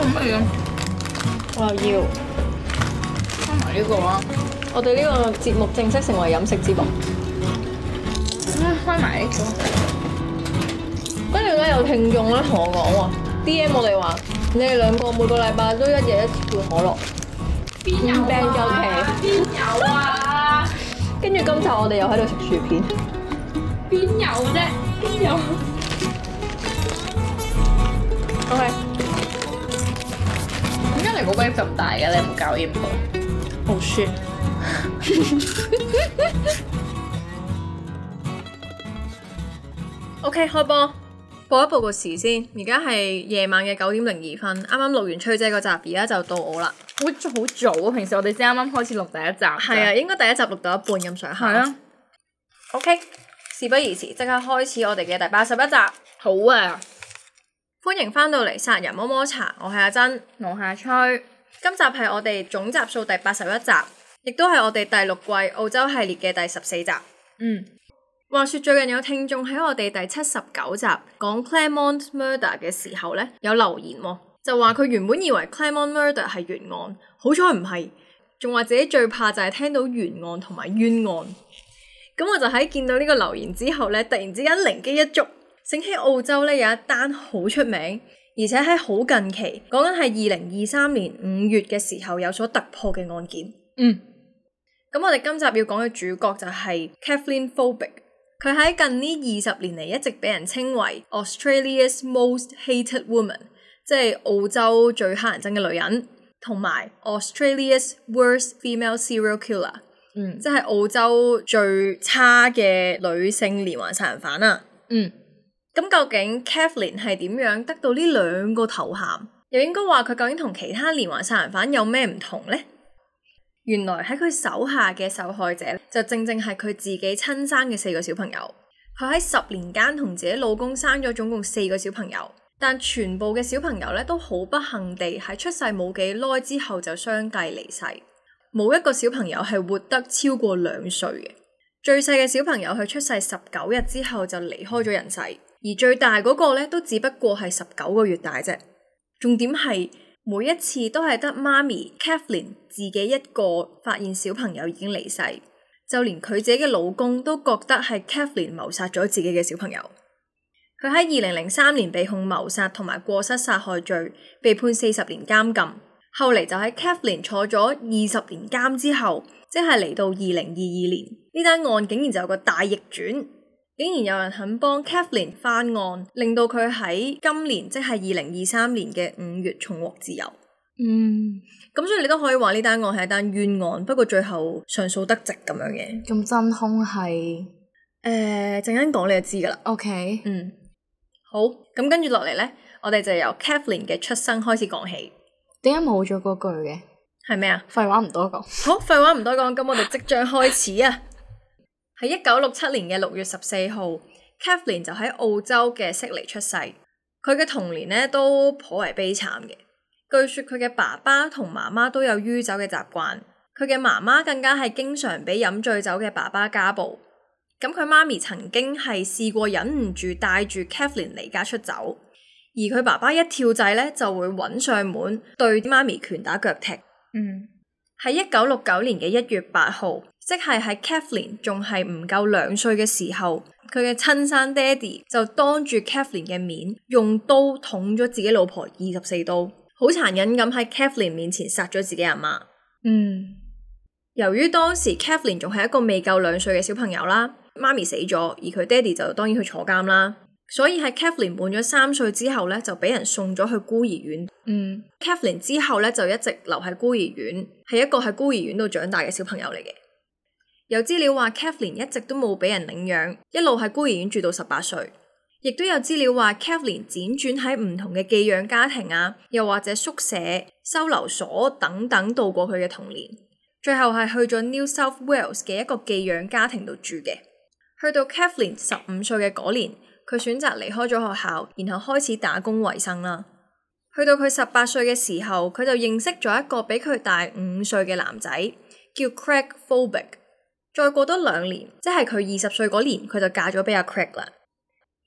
做乜嘢？我又要開埋呢個啊！我哋呢個節目正式成為飲食節目。開埋呢個。跟住咧，有聽眾咧同我講喎，D M 我哋話，你哋兩個每個禮拜都一隻一次罐可樂。邊有啊？邊有啊？跟住今集我哋又喺度食薯片。邊有啫？邊有？O K。好鬼咁大嘅，你唔搞掂婆，好 雪樂。O、okay, K 開波，報一報個時先。而家係夜晚嘅九點零二分，啱啱錄完吹姐個集，而家就到我啦。好早，好早啊！平時我哋先啱啱開始錄第一集。係啊，應該第一集錄到一半咁上下啊，係啊。O、okay, K，事不宜遲，即刻開始我哋嘅第八十一集。好啊。歡迎翻到嚟殺人摸摸查，我係阿珍，我係阿崔。今集係我哋總集數第八十一集，亦都係我哋第六季澳洲系列嘅第十四集。嗯，話說最近有聽眾喺我哋第七十九集講 Claremont Murder 嘅時候咧，有留言、喎，就話佢原本以為 Claremont Murder 係懸案，好彩唔係，仲話自己最怕就係聽到懸案同埋冤案。咁、嗯、我就喺見到呢個留言之後咧，突然之間靈機一觸。整喺澳洲咧，有一單好出名，而且喺好近期，講緊係二零二三年五月嘅時候有所突破嘅案件。嗯，咁我哋今集要講嘅主角就係 Kathleen Folbigg。佢喺近呢二十年嚟，一直俾人稱為 Australia's most hated woman，即係澳洲最乞人憎嘅女人，同埋 Australia's worst female serial killer，嗯，即係澳洲最差嘅女性連環殺人犯啊，嗯。咁究竟 Kathleen 係點樣得到呢兩個頭銜？又應該話佢究竟同其他連環殺人犯有咩唔同呢？原來喺佢手下嘅受害者就正正係佢自己親生嘅四個小朋友。佢喺十年間同自己老公生咗總共四個小朋友，但全部嘅小朋友咧都好不幸地喺出世冇幾耐之後就相繼離世，冇一個小朋友係活得超過兩歲嘅。最細嘅小朋友佢出世十九日之後就離開咗人世。而最大嗰個呢，都只不過係十九個月大啫。重點係每一次都係得媽咪 Kathleen 自己一個發現小朋友已經離世，就連佢自己嘅老公都覺得係 Kathleen 謀殺咗自己嘅小朋友。佢喺二零零三年被控謀殺同埋過失殺害罪，被判四十年監禁。後嚟就喺 Kathleen 坐咗二十年監之後，即係嚟到二零二二年呢單案竟然就有個大逆轉。竟然有人肯幫 Kathleen 翻案，令到佢喺今年即係二零二三年嘅五月重獲自由。嗯，咁所以你都可以話呢單案係一單冤案，不過最後上訴得直咁樣嘅。咁真兇係誒，陣間講你就知噶啦。OK，嗯，好。咁跟住落嚟咧，我哋就由 Kathleen 嘅出生開始講起。點解冇咗嗰句嘅？係咩啊？廢話唔多講。好，廢話唔多講。咁我哋即將開始啊！喺一九六七年嘅六月十四號，Kathleen 就喺澳洲嘅悉尼出世。佢嘅童年呢都頗為悲慘嘅。據說佢嘅爸爸同媽媽都有酗酒嘅習慣，佢嘅媽媽更加係經常俾飲醉酒嘅爸爸家暴。咁佢媽咪曾經係試過忍唔住帶住 Kathleen 離家出走，而佢爸爸一跳掣呢就會揾上門對媽咪拳打腳踢。嗯、mm，喺一九六九年嘅一月八號。即係喺 Kathleen 仲係唔夠兩歲嘅時候，佢嘅親生爹哋就當住 Kathleen 嘅面，用刀捅咗自己老婆二十四刀，好殘忍咁喺 Kathleen 面前殺咗自己阿媽。嗯，由於當時 Kathleen 仲係一個未夠兩歲嘅小朋友啦，媽咪死咗，而佢爹哋就當然去坐監啦。所以喺 Kathleen 滿咗三歲之後咧，就俾人送咗去孤兒院。嗯，Kathleen 之後咧就一直留喺孤兒院，係一個喺孤兒院度長大嘅小朋友嚟嘅。有資料話，Kathleen 一直都冇俾人領養，一路喺孤兒院住到十八歲。亦都有資料話，Kathleen 輾轉喺唔同嘅寄養家庭啊，又或者宿舍、收留所等等，度過佢嘅童年。最後係去咗 New South Wales 嘅一個寄養家庭度住嘅。去到 Kathleen 十五歲嘅嗰年，佢選擇離開咗學校，然後開始打工維生啦。去到佢十八歲嘅時候，佢就認識咗一個比佢大五歲嘅男仔，叫 Craig Folbigg 再過多兩年，即係佢二十歲嗰年，佢就嫁咗俾阿 Craig 啦。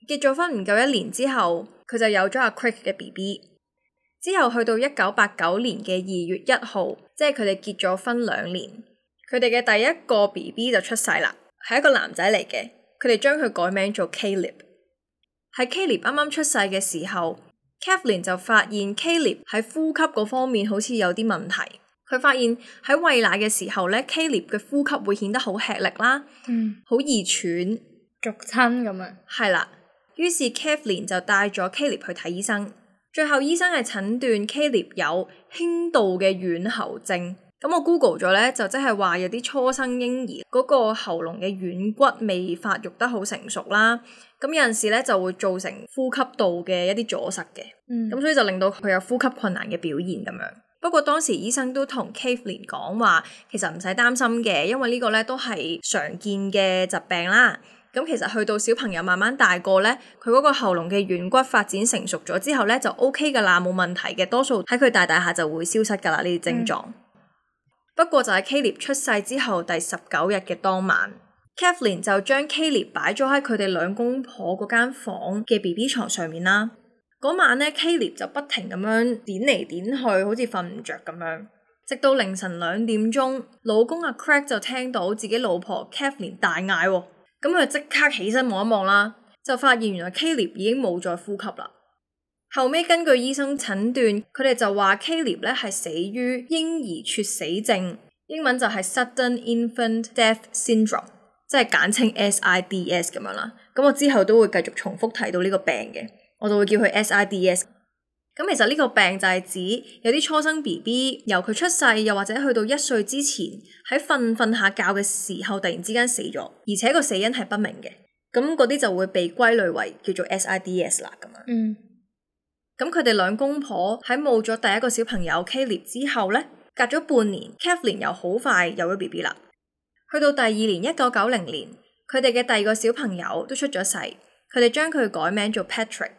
結咗婚唔夠一年之後，佢就有咗阿 Craig 嘅 BB。之後去到一九八九年嘅二月一號，即係佢哋結咗婚兩年，佢哋嘅第一個 BB 就出世啦，係一個男仔嚟嘅。佢哋將佢改名做 Caleb。喺 Caleb 啱啱出世嘅時候，Kathleen 就發現 Caleb 喺呼吸嗰方面好似有啲問題。佢發現喺喂奶嘅時候咧 Caleb 嘅呼吸會顯得好吃力啦，好易、嗯、喘，續親咁啊。係啦，於是 Kathleen 就帶咗 Caleb 去睇醫生。最後醫生係診斷 Caleb 有輕度嘅軟喉症。咁我 Google 咗咧，就即係話有啲初生嬰兒嗰個喉嚨嘅軟骨未發育得好成熟啦，咁有陣時咧就會造成呼吸道嘅一啲阻塞嘅，咁、嗯、所以就令到佢有呼吸困難嘅表現咁樣。不過當時醫生都同 Kathleen 講話，其實唔使擔心嘅，因為個呢個咧都係常見嘅疾病啦。咁其實去到小朋友慢慢大個咧，佢嗰個喉嚨嘅軟骨發展成熟咗之後咧，就 O K 嘅啦，冇問題嘅。多數喺佢大大下就會消失噶啦呢啲症狀。嗯、不過就喺 Kaleb 出世之後第十九日嘅當晚 ，Kathleen 就將 Kaleb 擺咗喺佢哋兩公婆嗰間房嘅 B B 床上面啦。嗰晚咧，Caleb 就不停咁樣點嚟點去，好似瞓唔着咁樣。直到凌晨兩點鐘，老公阿、啊、Craig 就聽到自己老婆 Kathleen 大嗌、哦，咁佢即刻起身望一望啦，就發現原來 Caleb 已經冇再呼吸啦。後尾根據醫生診斷，佢哋就話 Caleb 咧係死於嬰兒猝死症，英文就係 Sudden Infant Death Syndrome，即係簡稱 SIDS 咁樣啦。咁、嗯、我之後都會繼續重複提到呢個病嘅。我就會叫佢 SIDS。咁其實呢個病就係指有啲初生 B B 由佢出世，又或者去到一歲之前喺瞓瞓下覺嘅時候，突然之間死咗，而且個死因係不明嘅。咁嗰啲就會被歸類為叫做 SIDS 啦。咁樣。嗯。咁佢哋兩公婆喺冇咗第一個小朋友 Caleb 之後呢，隔咗半年，Kathleen 又好快有咗 B B 啦。去到第二年一九九零年，佢哋嘅第二個小朋友都出咗世，佢哋將佢改名做 Patrick。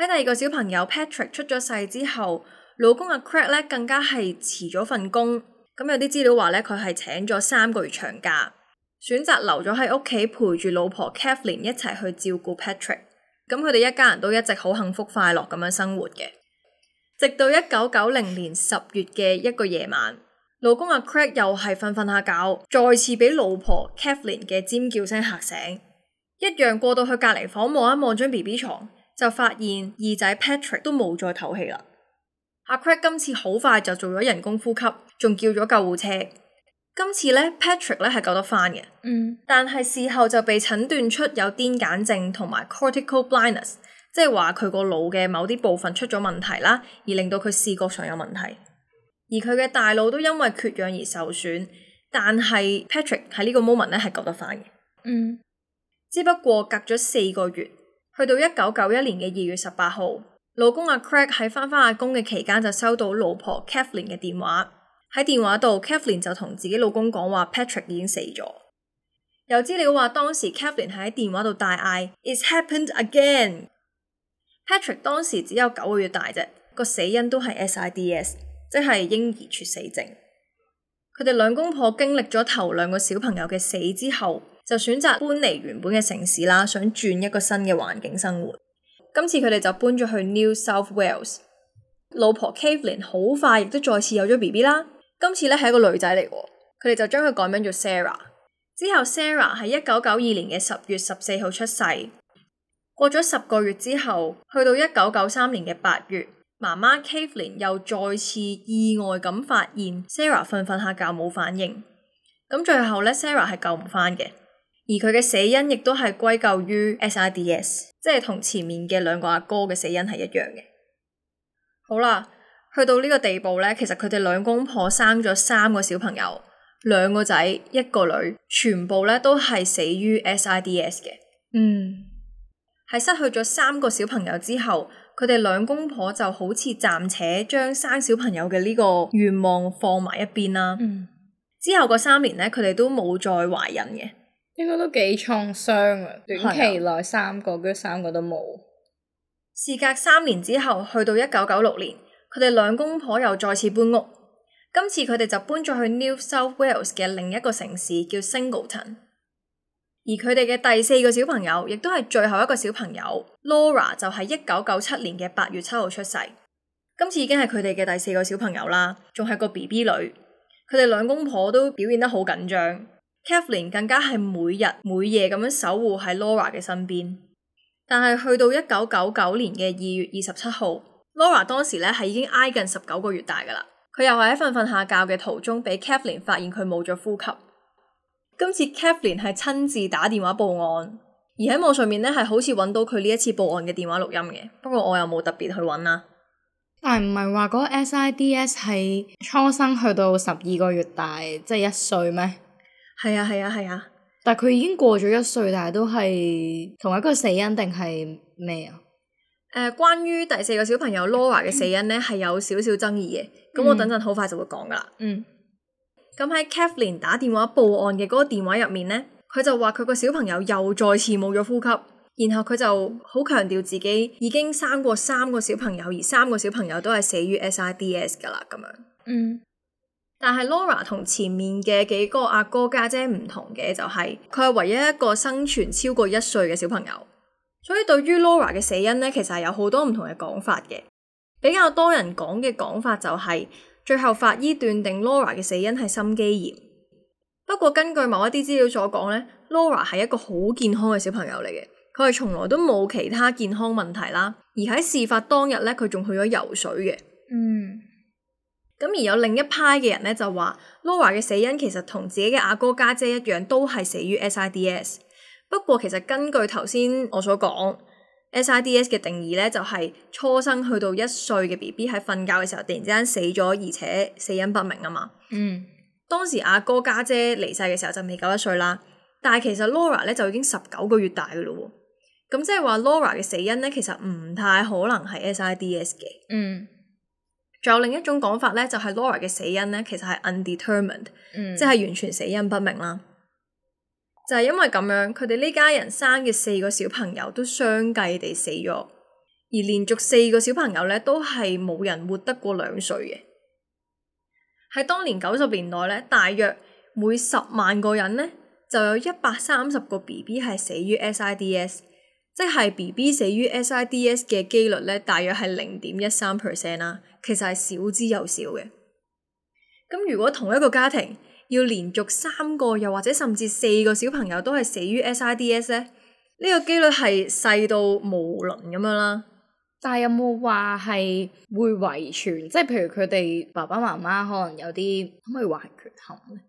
喺第二個小朋友 Patrick 出咗世之後，老公阿 Craig 咧更加係辭咗份工，咁有啲資料話咧佢係請咗三個月長假，選擇留咗喺屋企陪住老婆 Kathleen 一齊去照顧 Patrick，咁佢哋一家人都一直好幸福快樂咁樣生活嘅。直到一九九零年十月嘅一個夜晚，老公阿 Craig 又係瞓瞓下覺，再次俾老婆 Kathleen 嘅尖叫聲嚇醒，一樣過到去隔籬房望一望張 BB 床。就發現二仔 Patrick 都冇再唞氣啦。阿 Craig 今次好快就做咗人工呼吸，仲叫咗救護車。今次咧 Patrick 咧係救得翻嘅，嗯。但係事後就被診斷出有癲癇症同埋 cortical blindness，即係話佢個腦嘅某啲部分出咗問題啦，而令到佢視覺上有問題。而佢嘅大腦都因為缺氧而受損，但係 Patrick 喺呢個 moment 咧係救得翻嘅，嗯。只不過隔咗四個月。去到一九九一年嘅二月十八號，老公阿、啊、Craig 喺返返阿公嘅期間就收到老婆 Kathleen 嘅電話。喺電話度，Kathleen 就同自己老公講話 Patrick 已經死咗。有資料話，當時 Kathleen 係喺電話度大嗌：It's happened again。Patrick 當時只有九個月大啫，個死因都係 SIDS，即係嬰兒猝死症。佢哋兩公婆經歷咗頭兩個小朋友嘅死之後，就選擇搬離原本嘅城市啦，想轉一個新嘅環境生活。今次佢哋就搬咗去 New South Wales。老婆 Kathleen 好快亦都再次有咗 B B 啦。今次咧係一個女仔嚟，佢哋就將佢改名做 Sarah。之後 Sarah 喺一九九二年嘅十月十四號出世。過咗十個月之後，去到一九九三年嘅八月，媽媽 Kathleen 又再次意外咁發現 Sarah 瞓瞓下覺冇反應。咁最後咧，Sarah 係救唔返嘅。而佢嘅死因亦都係歸咎於 SIDS，即係同前面嘅兩個阿哥嘅死因係一樣嘅。好啦，去到呢個地步咧，其實佢哋兩公婆生咗三個小朋友，兩個仔一個女，全部咧都係死於 SIDS 嘅。嗯，喺失去咗三個小朋友之後，佢哋兩公婆就好似暫且將生小朋友嘅呢個願望放埋一邊啦。嗯，之後嗰三年咧，佢哋都冇再懷孕嘅。應該都幾創傷啊！短期內三個，跟住三個都冇。事隔三年之後，去到一九九六年，佢哋兩公婆又再次搬屋。今次佢哋就搬咗去 New South Wales 嘅另一個城市叫 Singleton。而佢哋嘅第四個小朋友，亦都係最後一個小朋友 Laura，就係一九九七年嘅八月七號出世。今次已經係佢哋嘅第四個小朋友啦，仲係個 B B 女。佢哋兩公婆都表現得好緊張。Kathleen 更加係每日每夜咁樣守護喺 Laura 嘅身邊，但係去到一九九九年嘅二月二十七號，Laura 當時咧係已經挨近十九個月大噶啦。佢又係喺瞓瞓下覺嘅途中，俾 Kathleen 發現佢冇咗呼吸。今次 Kathleen 係親自打電話報案，而喺網上面咧係好似揾到佢呢一次報案嘅電話錄音嘅，不過我又冇特別去揾啦。但係唔係話嗰個 SIDS 係初生去到十二個月大，即係一歲咩？係啊係啊係啊！啊啊但係佢已經過咗一歲，但係都係同一個死因定係咩啊？誒、呃，關於第四個小朋友 Laura 嘅死因咧，係、嗯、有少少爭議嘅。咁、嗯、我等陣好快就會講噶啦。嗯。咁喺 Kathleen 打電話報案嘅嗰個電話入面咧，佢就話佢個小朋友又再次冇咗呼吸，然後佢就好強調自己已經生過三個小朋友，而三個小朋友都係死於 SIDS 噶啦，咁樣。嗯。但係 Laura 同前面嘅幾個阿哥家姐唔同嘅，就是，就係佢係唯一一個生存超過一歲嘅小朋友。所以對於 Laura 嘅死因咧，其實係有好多唔同嘅講法嘅。比較多人講嘅講法就係、是，最後法醫斷定 Laura 嘅死因係心肌炎。不過根據某一啲資料所講咧，Laura 係一個好健康嘅小朋友嚟嘅，佢係從來都冇其他健康問題啦。而喺事發當日咧，佢仲去咗游水嘅。嗯。咁而有另一派嘅人咧，就話 Laura 嘅死因其實同自己嘅阿哥家姐一樣，都係死於 SIDS。不過其實根據頭先我所講 SIDS 嘅定義咧，就係初生去到一歲嘅 BB 喺瞓覺嘅時候突然之間死咗，而且死因不明啊嘛。嗯。當時阿哥家姐離世嘅時候就未夠一歲啦，但係其實 Laura 咧就已經十九個月大噶啦。咁即係話 Laura 嘅死因咧，其實唔太可能係 SIDS 嘅。嗯。仲有另一種講法咧，就係 Laura 嘅死因咧，其實係 undetermined、嗯、即係完全死因不明啦。就係因為咁樣，佢哋呢家人生嘅四個小朋友都相繼地死咗，而連續四個小朋友咧都係冇人活得過兩歲嘅。喺當年九十年代咧，大約每十萬個人咧就有一百三十個 BB 係死於 SIDS。即係 B B 死於 S I D S 嘅機率咧，大約係零點一三 percent 啦。其實係少之又少嘅。咁如果同一個家庭要連續三個又或者甚至四個小朋友都係死於 S I D S 咧，呢個機率係細到冇倫咁樣啦。但係有冇話係會遺傳？即係譬如佢哋爸爸媽媽可能有啲可唔可以話係缺陷咧？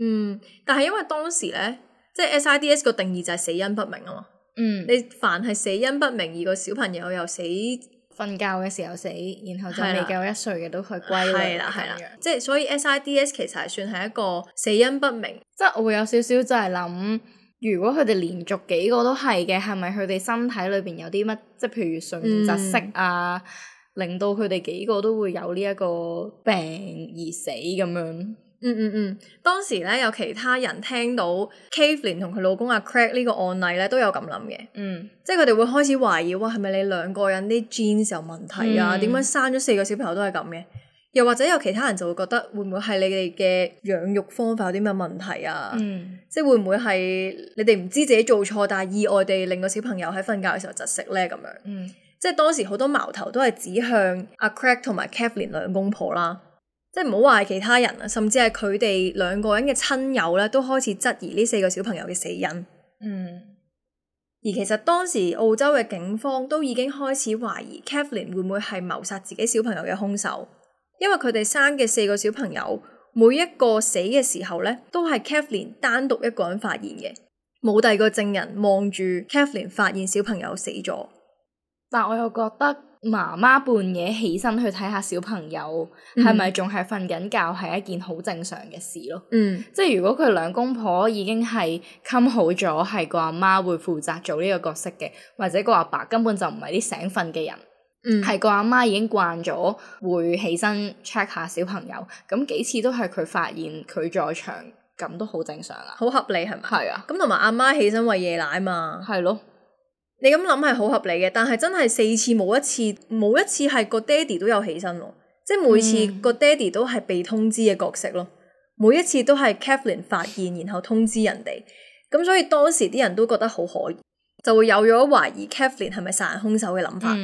嗯，但係因為當時咧，即係 S I D S 個定義就係死因不明啊嘛。嗯，你凡係死因不明而個小朋友又死瞓覺嘅時候死，然後就未夠一歲嘅的都去歸位，係啦，係啦，即係所以 SIDS 其實係算係一個死因不明，即係我會有少少就係諗，如果佢哋連續幾個都係嘅，係咪佢哋身體裏邊有啲乜？即係譬如遺傳色啊，嗯、令到佢哋幾個都會有呢一個病而死咁樣。嗯嗯嗯，當時咧有其他人聽到 Kathleen 同佢老公阿、啊、Craig 呢個案例咧都有咁諗嘅，嗯，即係佢哋會開始懷疑，哇，係咪你兩個人啲 genes 有問題啊？點樣、嗯、生咗四個小朋友都係咁嘅？又或者有其他人就會覺得會唔會係你哋嘅養育方法有啲咩問題啊？嗯，即係會唔會係你哋唔知自己做錯，但係意外地令個小朋友喺瞓覺嘅時候窒息咧咁樣？嗯，即係當時好多矛頭都係指向阿、啊、Craig 同埋 Kathleen 兩公婆啦。即係唔好話其他人啊，甚至係佢哋兩個人嘅親友咧，都開始質疑呢四個小朋友嘅死因。嗯，而其實當時澳洲嘅警方都已經開始懷疑 Kathleen 會唔會係謀殺自己小朋友嘅兇手，因為佢哋生嘅四個小朋友每一個死嘅時候咧，都係 Kathleen 單獨一個人發現嘅，冇第二個證人望住 Kathleen 發現小朋友死咗。但我又覺得。媽媽半夜起身去睇下小朋友，係咪仲係瞓緊覺，係一件好正常嘅事咯。嗯，即係如果佢兩公婆已經係冚好咗，係個阿媽會負責做呢個角色嘅，或者個阿爸根本就唔係啲醒瞓嘅人，嗯，係個阿媽已經慣咗會起身 check 下小朋友，咁幾次都係佢發現佢在場，咁都好正常啊，好合理係咪？係啊，咁同埋阿媽起身餵夜奶嘛，係咯。你咁諗係好合理嘅，但係真係四次冇一次冇一次係個爹哋都有起身咯，即係、嗯、每次個爹哋都係被通知嘅角色咯，每一次都係 Kathleen 發現然後通知人哋，咁所以當時啲人都覺得好可疑，就會有咗懷疑 Kathleen 係咪殺人兇手嘅諗法。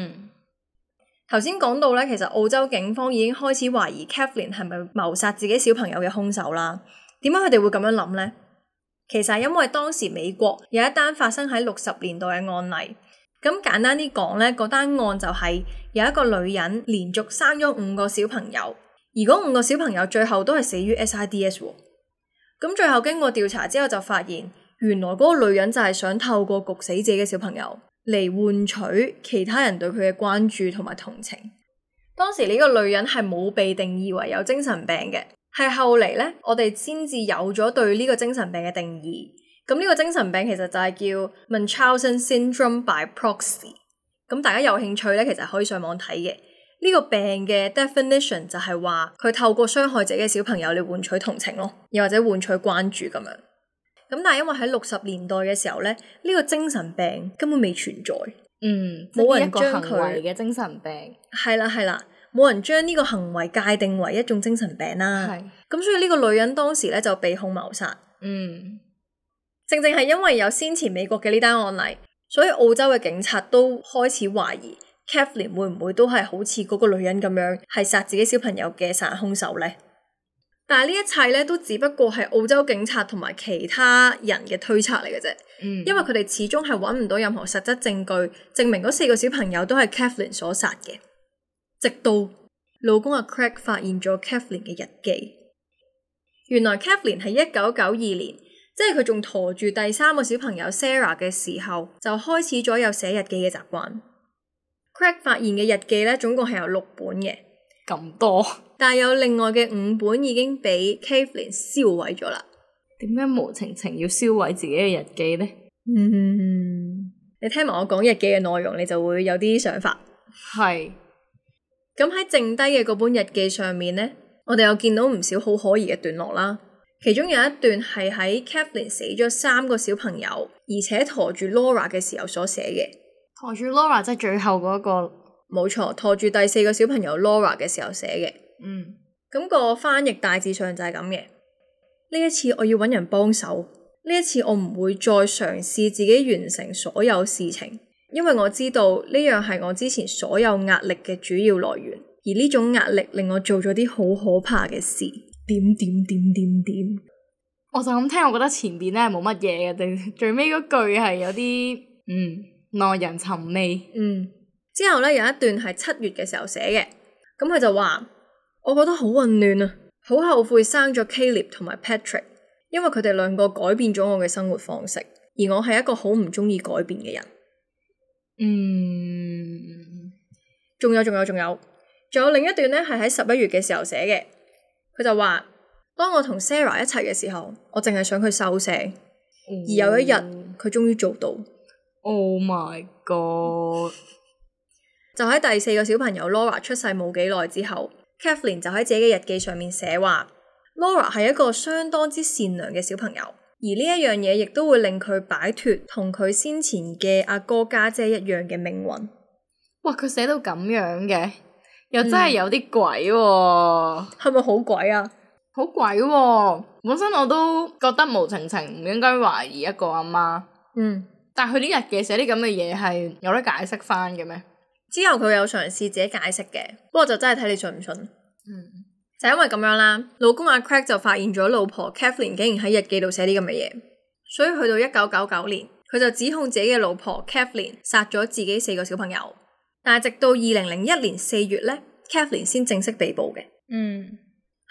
頭先講到呢，其實澳洲警方已經開始懷疑 Kathleen 係咪謀殺自己小朋友嘅兇手啦。點解佢哋會咁樣諗呢？其實因為當時美國有一單發生喺六十年代嘅案例，咁簡單啲講，呢嗰單案就係有一個女人連續生咗五個小朋友，而嗰五個小朋友最後都係死於 SIDS。咁最後經過調查之後就發現，原來嗰個女人就係想透過焗死者嘅小朋友嚟換取其他人對佢嘅關注同埋同情。當時呢個女人係冇被定義為有精神病嘅。係後嚟咧，我哋先至有咗對呢個精神病嘅定義。咁呢個精神病其實就係叫 Munchausen Syndrome by Proxy。咁大家有興趣咧，其實可以上網睇嘅。呢、這個病嘅 definition 就係話佢透過傷害自己嘅小朋友嚟換取同情咯，又或者換取關注咁樣。咁但係因為喺六十年代嘅時候咧，呢、這個精神病根本未存在。嗯，冇人將個佢。嘅精神病。係啦，係啦。冇人將呢個行為界定為一種精神病啦、啊。係咁是，所以呢個女人當時咧就被控謀殺。嗯，正正係因為有先前美國嘅呢單案例，所以澳洲嘅警察都開始懷疑 Kathleen 會唔會都係好似嗰個女人咁樣，係殺自己小朋友嘅殺人兇手呢？嗯、但係呢一切咧都只不過係澳洲警察同埋其他人嘅推測嚟嘅啫。因為佢哋始終係揾唔到任何實質證據，證明嗰四個小朋友都係 Kathleen 所殺嘅。直到老公阿、啊、Craig 發現咗 Kathleen 嘅日記，原來 Kathleen 係一九九二年，即係佢仲馱住第三個小朋友 Sarah 嘅時候就開始咗有寫日記嘅習慣。Craig 發現嘅日記咧，總共係有六本嘅咁多，但係有另外嘅五本已經俾 Kathleen 銷毀咗啦。點解無情情要銷毀自己嘅日記咧？嗯，你聽埋我講日記嘅內容，你就會有啲想法係。咁喺剩低嘅嗰本日記上面呢，我哋又見到唔少好可疑嘅段落啦。其中有一段係喺 Kathleen 死咗三個小朋友，而且馱住 Laura 嘅時候所寫嘅。馱住 Laura 即係最後嗰個，冇錯，馱住第四個小朋友 Laura 嘅時候寫嘅。嗯，咁個翻譯大致上就係咁嘅。呢一次我要揾人幫手，呢一次我唔會再嘗試自己完成所有事情。因為我知道呢樣係我之前所有壓力嘅主要來源，而呢種壓力令我做咗啲好可怕嘅事。點點點點點，我就咁聽，我覺得前邊呢冇乜嘢嘅，最尾嗰句係有啲嗯耐人尋味。嗯，之後呢有一段係七月嘅時候寫嘅，咁佢就話我覺得好混亂啊，好後悔生咗 Caleb 同埋 Patrick，因為佢哋兩個改變咗我嘅生活方式，而我係一個好唔中意改變嘅人。嗯，仲有仲有仲有，仲有，有另一段咧，係喺十一月嘅時候寫嘅。佢就話：當我同 Sarah 一齊嘅時候，我淨係想佢收聲，哦、而有一日佢終於做到。Oh、哦、my God！就喺第四個小朋友 Laura 出世冇幾耐之後，Kathleen 就喺自己嘅日記上面寫話：Laura 係一個相當之善良嘅小朋友。而呢一樣嘢亦都會令佢擺脫同佢先前嘅阿哥家姐一樣嘅命運。哇！佢寫到咁樣嘅，又真係有啲鬼喎。係咪好鬼啊？好鬼喎！本身我都覺得無情情唔應該懷疑一個阿媽。嗯。但係佢呢日嘅寫啲咁嘅嘢係有得解釋翻嘅咩？之後佢有嘗試自己解釋嘅，不過就真係睇你信唔信。嗯。就因為咁樣啦，老公阿，啊、Craig 就發現咗老婆 Kathleen 竟然喺日記度寫啲咁嘅嘢，所以去到一九九九年，佢就指控自己嘅老婆 Kathleen 殺咗自己四個小朋友。但係直到二零零一年四月咧，Kathleen 先正式被捕嘅。嗯，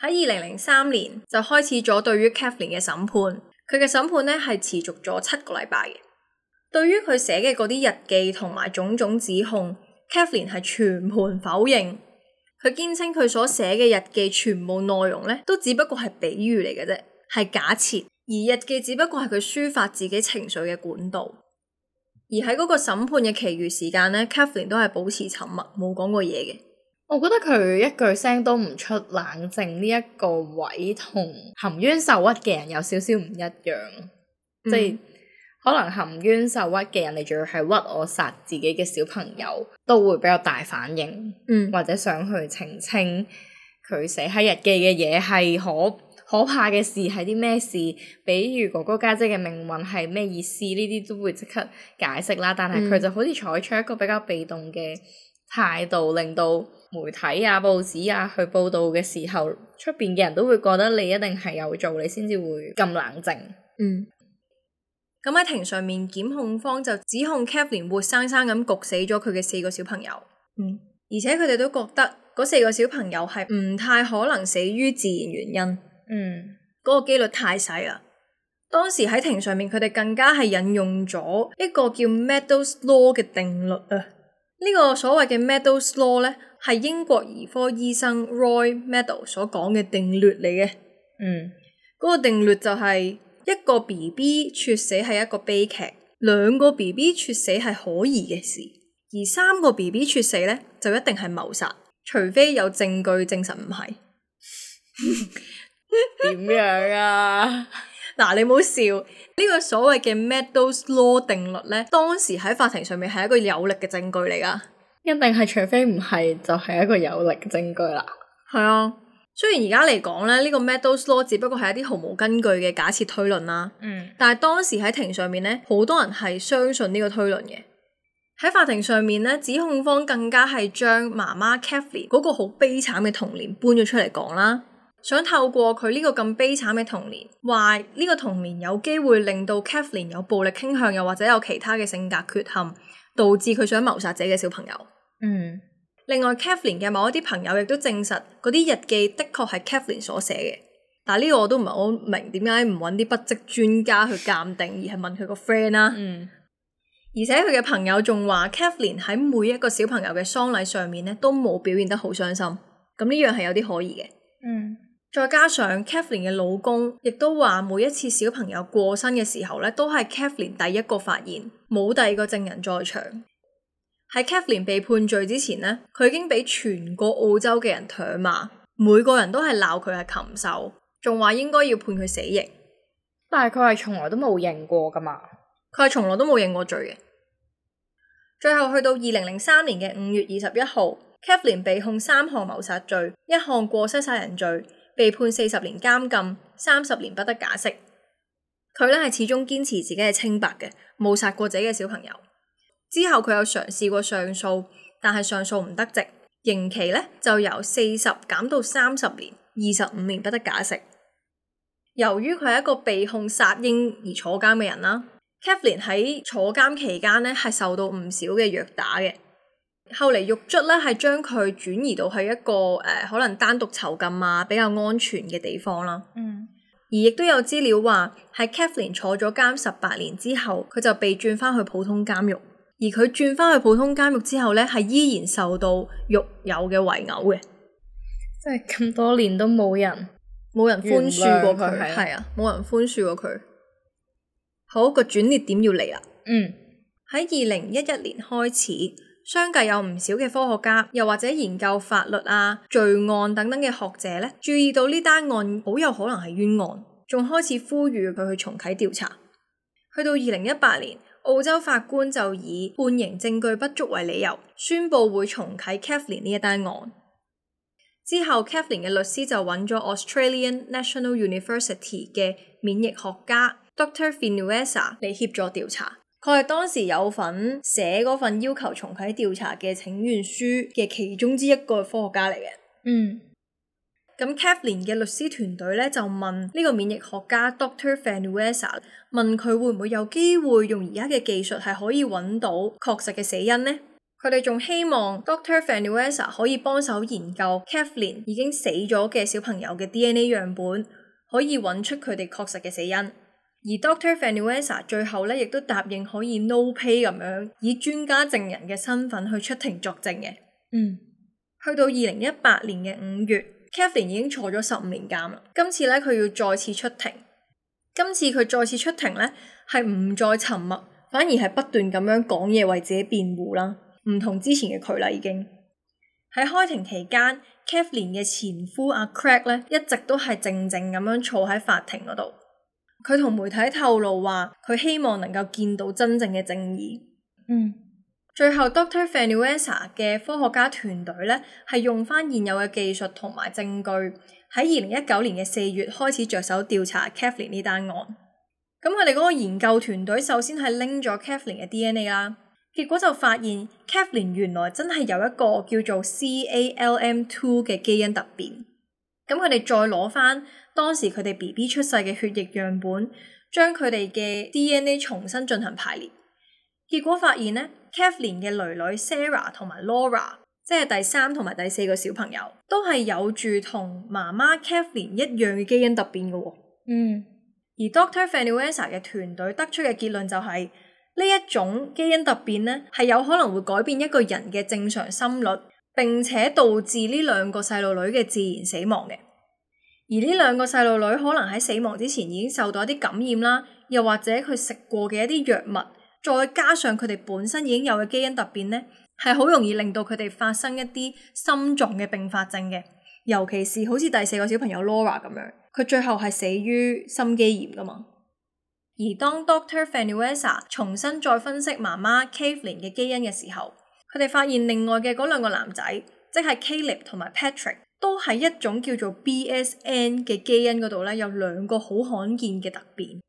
喺二零零三年就開始咗對於 Kathleen 嘅審判，佢嘅審判咧係持續咗七個禮拜嘅。對於佢寫嘅嗰啲日記同埋種種指控，Kathleen 係 全盤否認。佢堅稱佢所寫嘅日記全部內容咧，都只不過係比喻嚟嘅啫，係假設，而日記只不過係佢抒發自己情緒嘅管道。而喺嗰個審判嘅其餘時間咧，Kathleen 都係保持沉默，冇講過嘢嘅。我覺得佢一句聲都唔出，冷靜呢一個位同含冤受屈嘅人有少少唔一樣，嗯、即係。可能含冤受屈嘅人，你仲要係屈我殺自己嘅小朋友，都會比較大反應，嗯、或者想去澄清佢寫喺日記嘅嘢係可可怕嘅事，係啲咩事？比如哥哥家姐嘅命運係咩意思？呢啲都會即刻解釋啦。但係佢就好似採取一個比較被動嘅態度，令到媒體啊、報紙啊去報道嘅時候，出邊嘅人都會覺得你一定係有做，你先至會咁冷靜。嗯。咁喺庭上面，檢控方就指控 Kathleen 活生生咁焗死咗佢嘅四個小朋友。嗯，而且佢哋都覺得嗰四個小朋友係唔太可能死於自然原因。嗯，嗰個幾率太細啦。當時喺庭上面，佢哋更加係引用咗一個叫 Meadow's Law 嘅定律啊。呢個所謂嘅 Meadow's Law 咧，係英國兒科醫生 Roy Meadow 所講嘅定律嚟嘅。嗯、嗰、那個定律就係、是。一個 B B 猝死係一個悲劇，兩個 B B 猝死係可疑嘅事，而三個 B B 猝死咧就一定係謀殺，除非有證據證實唔係。點 樣啊？嗱、啊，你唔好笑，呢、這個所謂嘅 Meadow's Law 定律咧，當時喺法庭上面係一個有力嘅證據嚟噶，一定係除非唔係就係、是、一個有力嘅證據啦。係啊。雖然而家嚟講咧，呢、呢個 Meadow's Law 只不過係一啲毫無根據嘅假設推論啦。嗯，但係當時喺庭上面呢，好多人係相信呢個推論嘅。喺法庭上面咧，指控方更加係將媽媽 Kathleen 嗰個好悲慘嘅童年搬咗出嚟講啦，想透過佢呢個咁悲慘嘅童年，話呢個童年有機會令到 Kathleen 有暴力傾向，又或者有其他嘅性格缺陷，導致佢想謀殺自己嘅小朋友。嗯。另外，Kathleen 嘅某一啲朋友亦都證實嗰啲日記的確係凱芙蓮所寫嘅，但係呢個我都唔係好明點解唔揾啲筆跡專家去鑑定，而係問佢個 friend 啦。嗯、而且佢嘅朋友仲話，凱芙蓮喺每一個小朋友嘅喪禮上面咧，都冇表現得好傷心。咁呢樣係有啲可疑嘅。嗯、再加上 Kathleen 嘅老公亦都話，每一次小朋友過身嘅時候咧，都係凱芙蓮第一個發現，冇第二個證人在場。喺 Kathleen 被判罪之前呢，佢已經俾全個澳洲嘅人唾罵，每個人都係鬧佢係禽獸，仲話應該要判佢死刑。但係佢係從來都冇認過噶嘛，佢係從來都冇認過罪嘅。最後去到二零零三年嘅五月二十一號，Kathleen 被控三項謀殺罪，一項過失殺人罪，被判四十年監禁，三十年不得假釋。佢呢係始終堅持自己係清白嘅，冇殺過自己嘅小朋友。之後佢有嘗試過上訴，但係上訴唔得值，刑期咧就由四十減到三十年，二十五年不得假釋。由於佢係一個被控殺嬰而坐監嘅人啦 k e t l i n 喺坐監期間呢係受到唔少嘅虐打嘅。後嚟玉卒咧係將佢轉移到去一個誒、呃、可能單獨囚禁啊比較安全嘅地方啦。嗯、而亦都有資料話，喺 k e t l i n 坐咗監十八年之後，佢就被轉翻去普通監獄。而佢轉翻去普通監獄之後呢，係依然受到獄友嘅圍毆嘅，即係咁多年都冇人冇人寬恕過佢，係啊，冇人寬恕過佢。好，個轉捩點要嚟啦。嗯，喺二零一一年開始，相繼有唔少嘅科學家，又或者研究法律啊、罪案等等嘅學者呢，注意到呢單案好有可能係冤案，仲開始呼籲佢去重啟調查。去到二零一八年。澳洲法官就以判刑證據不足為理由，宣布會重啟 Kathleen 呢一單案。之後，Kathleen 嘅律師就揾咗 Australian National University 嘅免疫學家 Dr. Vinuesa 嚟協助調查。佢係當時有份寫嗰份要求重啟調查嘅請願書嘅其中之一個科學家嚟嘅。嗯。咁 Kathleen 嘅律師團隊咧，就問呢個免疫學家 Doctor Vanuessa，問佢會唔會有機會用而家嘅技術係可以揾到確實嘅死因呢？佢哋仲希望 Doctor Vanuessa 可以幫手研究 Kathleen 已經死咗嘅小朋友嘅 DNA 樣本，可以揾出佢哋確實嘅死因。而 Doctor Vanuessa 最後咧，亦都答應可以 no pay 咁樣以專家證人嘅身份去出庭作證嘅。嗯，去到二零一八年嘅五月。a t Kathleen 已經坐咗十五年監啦，今次咧佢要再次出庭，今次佢再次出庭咧係唔再沉默，反而係不斷咁樣講嘢為自己辯護啦，唔同之前嘅佢啦已經。喺開庭期間，Kathleen 嘅前夫阿 Craig 咧一直都係靜靜咁樣坐喺法庭嗰度，佢同媒體透露話佢希望能夠見到真正嘅正義。嗯。最後，Dr. Fanny Wessa 嘅科學家團隊咧，係用翻現有嘅技術同埋證據，喺二零一九年嘅四月開始着手調查 Kathleen 呢單案。咁佢哋嗰個研究團隊首先係拎咗 Kathleen 嘅 DNA 啦，結果就發現 Kathleen 原來真係有一個叫做 CALM2 嘅基因突變。咁佢哋再攞翻當時佢哋 BB 出世嘅血液樣本，將佢哋嘅 DNA 重新進行排列，結果發現呢。Kathleen 嘅女女 Sarah 同埋 Laura，即係第三同埋第四個小朋友，都係有住同媽媽 Kathleen 一樣嘅基因突變嘅。嗯，而 Doctor Vanuessa 嘅團隊得出嘅結論就係、是、呢一種基因突變咧，係有可能會改變一個人嘅正常心率，並且導致呢兩個細路女嘅自然死亡嘅。而呢兩個細路女可能喺死亡之前已經受到一啲感染啦，又或者佢食過嘅一啲藥物。再加上佢哋本身已經有嘅基因突變呢，係好容易令到佢哋發生一啲心臟嘅並發症嘅，尤其是好似第四個小朋友 Laura 咁樣，佢最後係死於心肌炎噶嘛。而當 Doctor Vanessa 重新再分析媽媽 Kathleen 嘅基因嘅時候，佢哋發現另外嘅嗰兩個男仔，即係 Caleb 同埋 Patrick，都係一種叫做 BSN 嘅基因嗰度咧，有兩個好罕見嘅突變。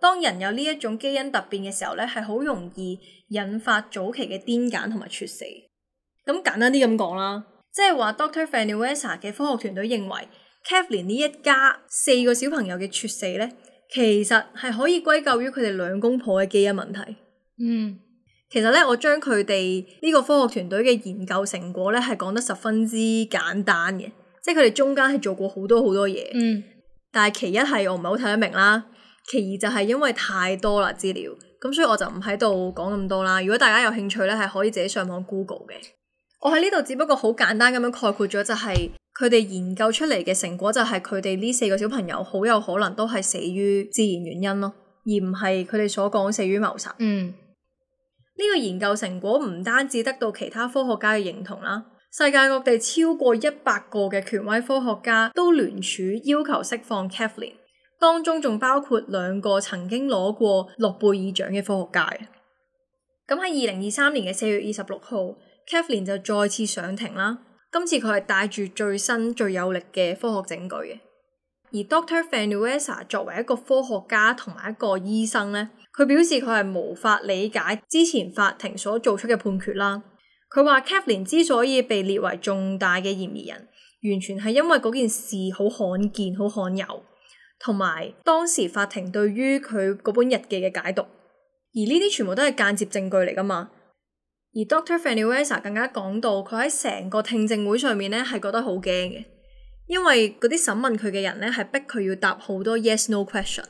當人有呢一種基因突變嘅時候咧，係好容易引發早期嘅癲癇同埋猝死。咁簡單啲咁講啦，即係話 Dr. Fanny Weser 嘅科學團隊認為，Kathleen 呢一家四個小朋友嘅猝死咧，其實係可以歸咎於佢哋兩公婆嘅基因問題。嗯，其實咧，我將佢哋呢個科學團隊嘅研究成果咧，係講得十分之簡單嘅，即係佢哋中間係做過好多好多嘢。嗯，但係其一係我唔係好睇得明啦。其二就係因為太多啦資料，咁所以我就唔喺度講咁多啦。如果大家有興趣咧，係可以自己上網 Google 嘅。我喺呢度只不過好簡單咁樣概括咗，就是，就係佢哋研究出嚟嘅成果，就係佢哋呢四個小朋友好有可能都係死於自然原因咯，而唔係佢哋所講死於謀殺。嗯，呢個研究成果唔單止得到其他科學家嘅認同啦，世界各地超過一百個嘅權威科學家都聯署要求釋放 Kathleen。當中仲包括兩個曾經攞過諾貝爾獎嘅科學家。咁喺二零二三年嘅四月二十六號，Kathleen 就再次上庭啦。今次佢係帶住最新最有力嘅科學證據嘅。而 Dr. Vanuessa 作為一個科學家同埋一個醫生呢，佢表示佢係無法理解之前法庭所做出嘅判決啦。佢話 Kathleen 之所以被列為重大嘅嫌疑人，完全係因為嗰件事好罕見、好罕有。同埋當時法庭對於佢嗰本日記嘅解讀，而呢啲全部都係間接證據嚟㗎嘛。而 Dr. Vinuesa 更加講到，佢喺成個聽證會上面咧係覺得好驚嘅，因為嗰啲審問佢嘅人咧係逼佢要答好多 yes no question，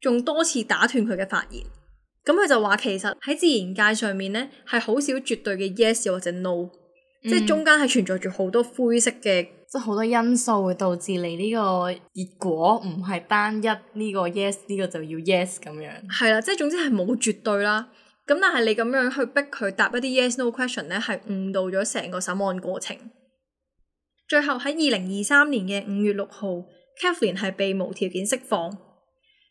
仲、嗯、多次打斷佢嘅發言。咁佢就話其實喺自然界上面咧係好少絕對嘅 yes 或者 no，、嗯、即係中間係存在住好多灰色嘅。即係好多因素會導致你呢個結果唔係單一呢、呢個 yes 呢個就要 yes 咁樣。係啦，即係總之係冇絕對啦。咁但係你咁樣去逼佢答一啲 yes no question 咧，係誤導咗成個審案過程。最後喺二零二三年嘅五月六號 Kathleen 係被無條件釋放。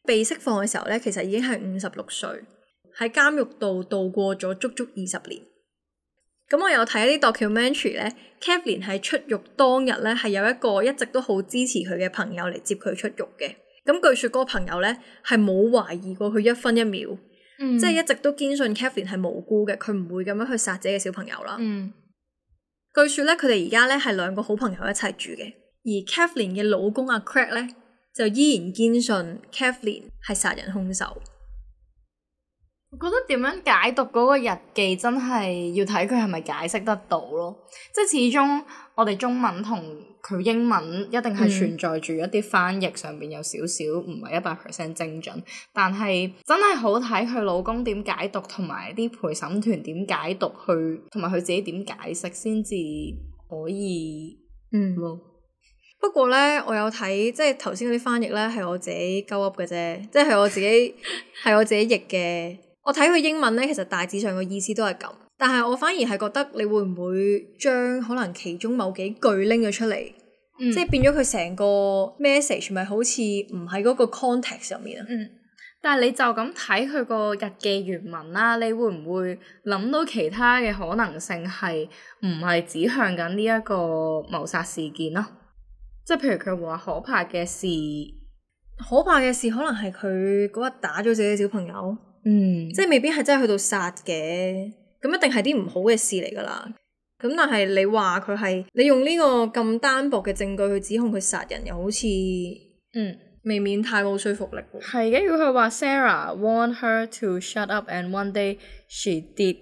被釋放嘅時候咧，其實已經係五十六歲，喺監獄度度過咗足足二十年。咁我有睇啲 documentary 咧，Kathleen 喺出獄當日咧，係有一個一直都好支持佢嘅朋友嚟接佢出獄嘅。咁據、嗯嗯、說嗰個朋友咧係冇懷疑過佢一分一秒，即係一直都堅信 Kathleen 係無辜嘅，佢唔會咁樣去殺自己嘅小朋友啦。據說咧，佢哋而家咧係兩個好朋友一齊住嘅，而 Kathleen 嘅老公阿、啊、Craig 咧就依然堅信 Kathleen 係殺人兇手。我覺得點樣解讀嗰個日記，真係要睇佢係咪解釋得到咯。即係始終我哋中文同佢英文一定係存在住一啲翻譯上邊有少少唔係一百 percent 精準。但係真係好睇佢老公點解讀，同埋啲陪審團點解讀，去同埋佢自己點解釋，先至可以嗯。不過咧，我有睇即係頭先嗰啲翻譯咧，係我自己鳩噏嘅啫，即係我自己係 我自己譯嘅。我睇佢英文咧，其實大致上個意思都係咁，但係我反而係覺得你會唔會將可能其中某幾句拎咗出嚟，嗯、即係變咗佢成個 message 咪好似唔喺嗰個 context 入面啊？嗯，但係你就咁睇佢個日記原文啦，你會唔會諗到其他嘅可能性係唔係指向緊呢一個謀殺事件囉？即係譬如佢話可怕嘅事，可怕嘅事可能係佢嗰日打咗自己小朋友。嗯，即係未必係真係去到殺嘅，咁一定係啲唔好嘅事嚟㗎喇。咁但係你話佢係你用呢個咁單薄嘅證據去指控佢殺人，又好似嗯，未免太冇說服力。係嘅，如果佢話 Sarah warned her to shut up and one day she did。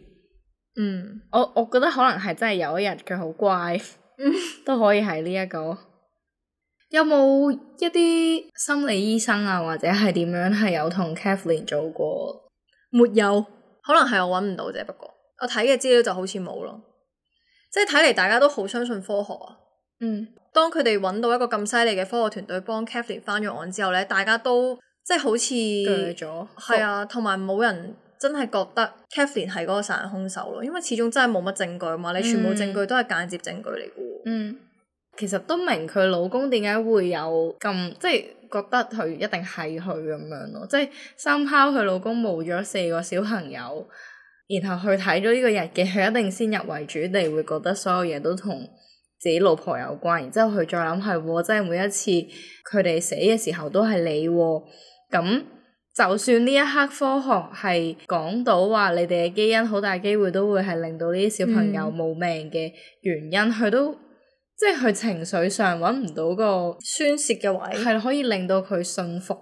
嗯，我我覺得可能係真係有一日佢好乖，嗯，都可以係呢一個。有冇一啲心理醫生啊，或者係點樣係有同 Kathleen 做過？沒有，可能係我揾唔到啫。不過我睇嘅資料就好似冇咯，即係睇嚟大家都好相信科學啊。嗯，當佢哋揾到一個咁犀利嘅科學團隊幫 Kathleen 翻咗案之後呢，大家都即係好似，係了啊，同埋冇人真係覺得 Kathleen 係嗰個殺人兇手咯，因為始終真係冇乜證據嘛，你全部證據都係間接證據嚟嘅。嗯。嗯，其實都明佢老公點解會有咁，即係。覺得佢一定係佢咁樣咯，即係三敲佢老公冇咗四個小朋友，然後去睇咗呢個日記，佢一定先入為主，你會覺得所有嘢都同自己老婆有關。然之後佢再諗係喎，即係每一次佢哋死嘅時候都係你喎、哦。咁就算呢一刻科學係講到話你哋嘅基因好大機會都會係令到呢啲小朋友冇命嘅原因，佢、嗯、都。即係佢情緒上揾唔到個宣泄嘅位，係可以令到佢信服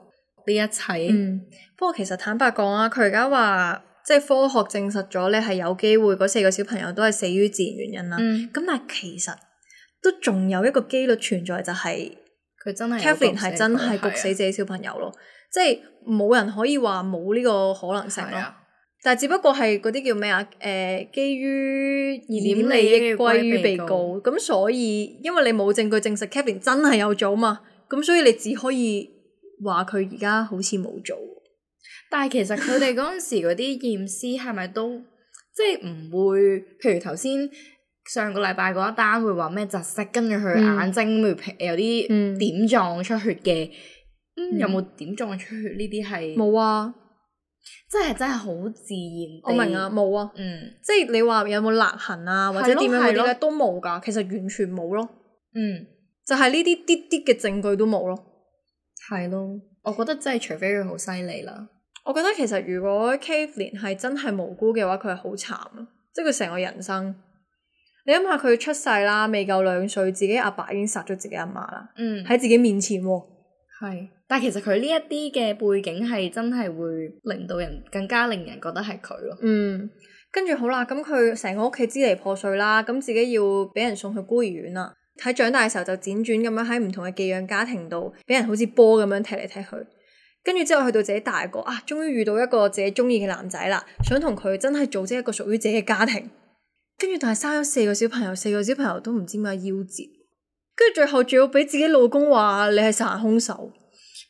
呢一切、嗯。不過其實坦白講啊，佢而家話即係科學證實咗咧，係有機會嗰四個小朋友都係死於自然原因啦。咁、嗯、但係其實都仲有一個機率存在、就是，就係佢真係 Kathleen 係真係焗死自己小朋友咯。的即係冇人可以話冇呢個可能性咯。但只不過係嗰啲叫咩啊？誒、呃，基於疑點利益歸於被告，咁所以因為你冇證據證實 Kathleen 真係有做嘛，咁所以你只可以話佢而家好似冇做。但係其實佢哋嗰陣時嗰啲驗屍係咪都 即係唔會？譬如頭先上個禮拜嗰一單會話咩窒息，跟住佢眼睛會、嗯、有啲點狀出血嘅，嗯嗯、有冇點狀出血呢啲係冇啊？真係真係好自然，我明啊，冇啊，嗯，即係你話有冇勒痕啊，的或者點樣嗰啲咧都冇噶、啊，其實完全冇咯，嗯，就係呢啲啲啲嘅證據都冇咯，係咯的，我覺得真係除非佢好犀利啦，我覺得其實如果 Kathleen 係真係無辜嘅話，佢係好慘啊，即係佢成個人生，你諗下佢出世啦，未夠兩歲，自己阿爸，爸已經殺咗自己阿媽啦，嗯，喺自己面前、啊。係，但係其實佢呢一啲嘅背景係真係會令到人更加令人覺得係佢咯。嗯，跟住好啦，咁佢成個屋企支離破碎啦，咁自己要俾人送去孤兒院啦。喺長大嘅時候就輾轉咁樣喺唔同嘅寄養家庭度，俾人好似波咁樣踢嚟踢去。跟住之後去到自己大個啊，終於遇到一個自己中意嘅男仔啦，想同佢真係組織一個屬於自己嘅家庭。跟住但係生咗四個小朋友，四個小朋友都唔知點解夭折。跟住最後，仲要畀自己老公話你係殺人兇手，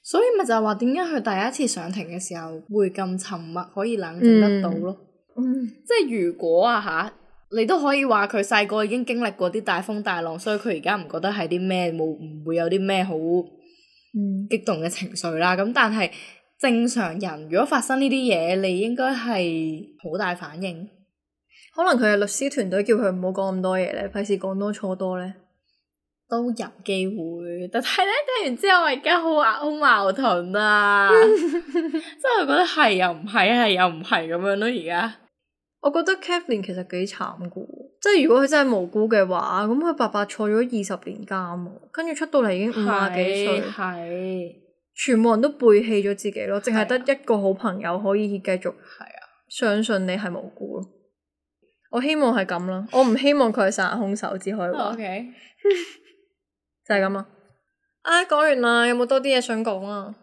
所以咪就係話點解佢第一次上庭嘅時候會咁沉默，可以冷靜得到咯？嗯嗯、即係如果啊吓，你都可以話佢細個已經經歷過啲大風大浪，所以佢而家唔覺得係啲咩冇唔會有啲咩好激動嘅情緒啦。咁、嗯、但係正常人如果發生呢啲嘢，你應該係好大反應。可能佢係律師團隊叫佢唔好講咁多嘢咧，費事講多錯多咧。都有機會，但係咧，聽完之後我而家好矛好矛盾啊！即係我覺得係又唔係，係又唔係咁樣咯。而家我覺得 Kathleen 其實幾慘噶，即係如果佢真係無辜嘅話，咁佢爸爸坐咗二十年監，跟住出到嚟已經五十幾歲，全部人都背棄咗自己咯，淨係得一個好朋友可以繼續係啊，相信你係無辜。我希望係咁啦，我唔希望佢係殺人兇手，只可以話。 oh, okay. 就係咁啊！啊，講完啦，有冇多啲嘢想講啊？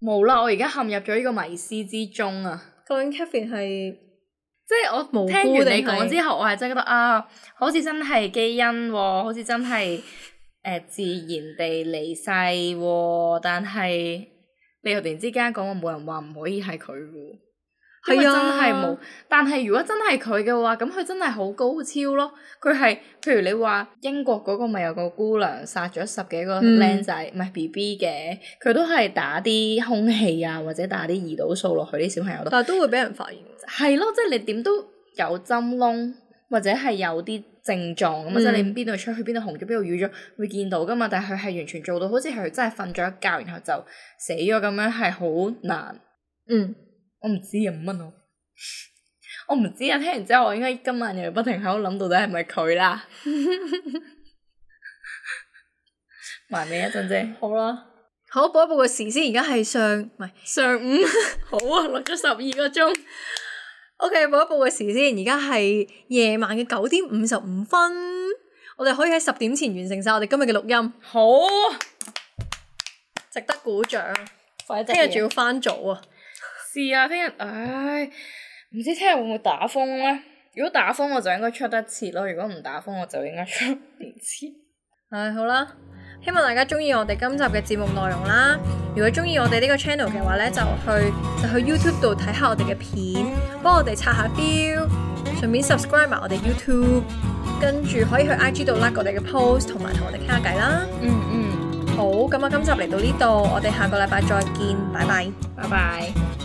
冇啦，我而家陷入咗呢個迷思之中啊！究竟 Kathleen 係即係我聽佢哋講之後，我係真覺得啊，好似真係基因、喎，好似真係誒、 呃、自然地離世、喎，但係你又突然之間講話冇人話唔可以係佢喎。係啊，真係冇，但係如果真係佢嘅話，咁佢真係好高超咯。佢係，譬如你話英國嗰個咪有個姑娘殺咗十幾個僆仔，唔係 BB 嘅，佢都係打啲空氣啊，或者打啲胰島素落去啲小朋友度。但係都會俾人發現。係咯，即係你點都有針窿，或者係有啲症狀咁啊！嗯、即係你邊度出去，邊度紅咗，邊度瘀咗，會見到噶嘛？但係佢係完全做到，好似佢真係瞓咗一覺，然後就死咗咁樣，係好難。嗯。我唔知啊，唔問我。我唔知啊，聽完之後我應該今晚又不停喺度諗到底係咪佢啦。 埋尾一陣啫，好啦，好，報一報 個時先。而家係上唔係上午。好啊，錄咗十二個鐘。O K，報一報個時先。而家係夜晚嘅九點五十五分。我哋可以喺十點前完成晒我哋今日嘅錄音。好，值得鼓掌。快啲！聽日仲要翻早啊！ 是啊，聽日，唉，唔知聽日會唔會打風咧？如果打風，我就應該出得切咯；如果唔打風，我就應該出唔切。唉，好啦，希望大家中意我哋今集嘅節目內容啦。如果中意我哋呢個 channel 嘅話呢好就去就去 YouTube 度睇下我哋嘅片，幫我哋刷下標，順便 subscribe 埋我哋 YouTube，跟住可以去 IG 度 like 我哋嘅 post，同埋同我哋傾下偈啦。嗯嗯，好，咁啊，今集嚟到呢度，我哋下個禮拜再見，拜拜，拜拜。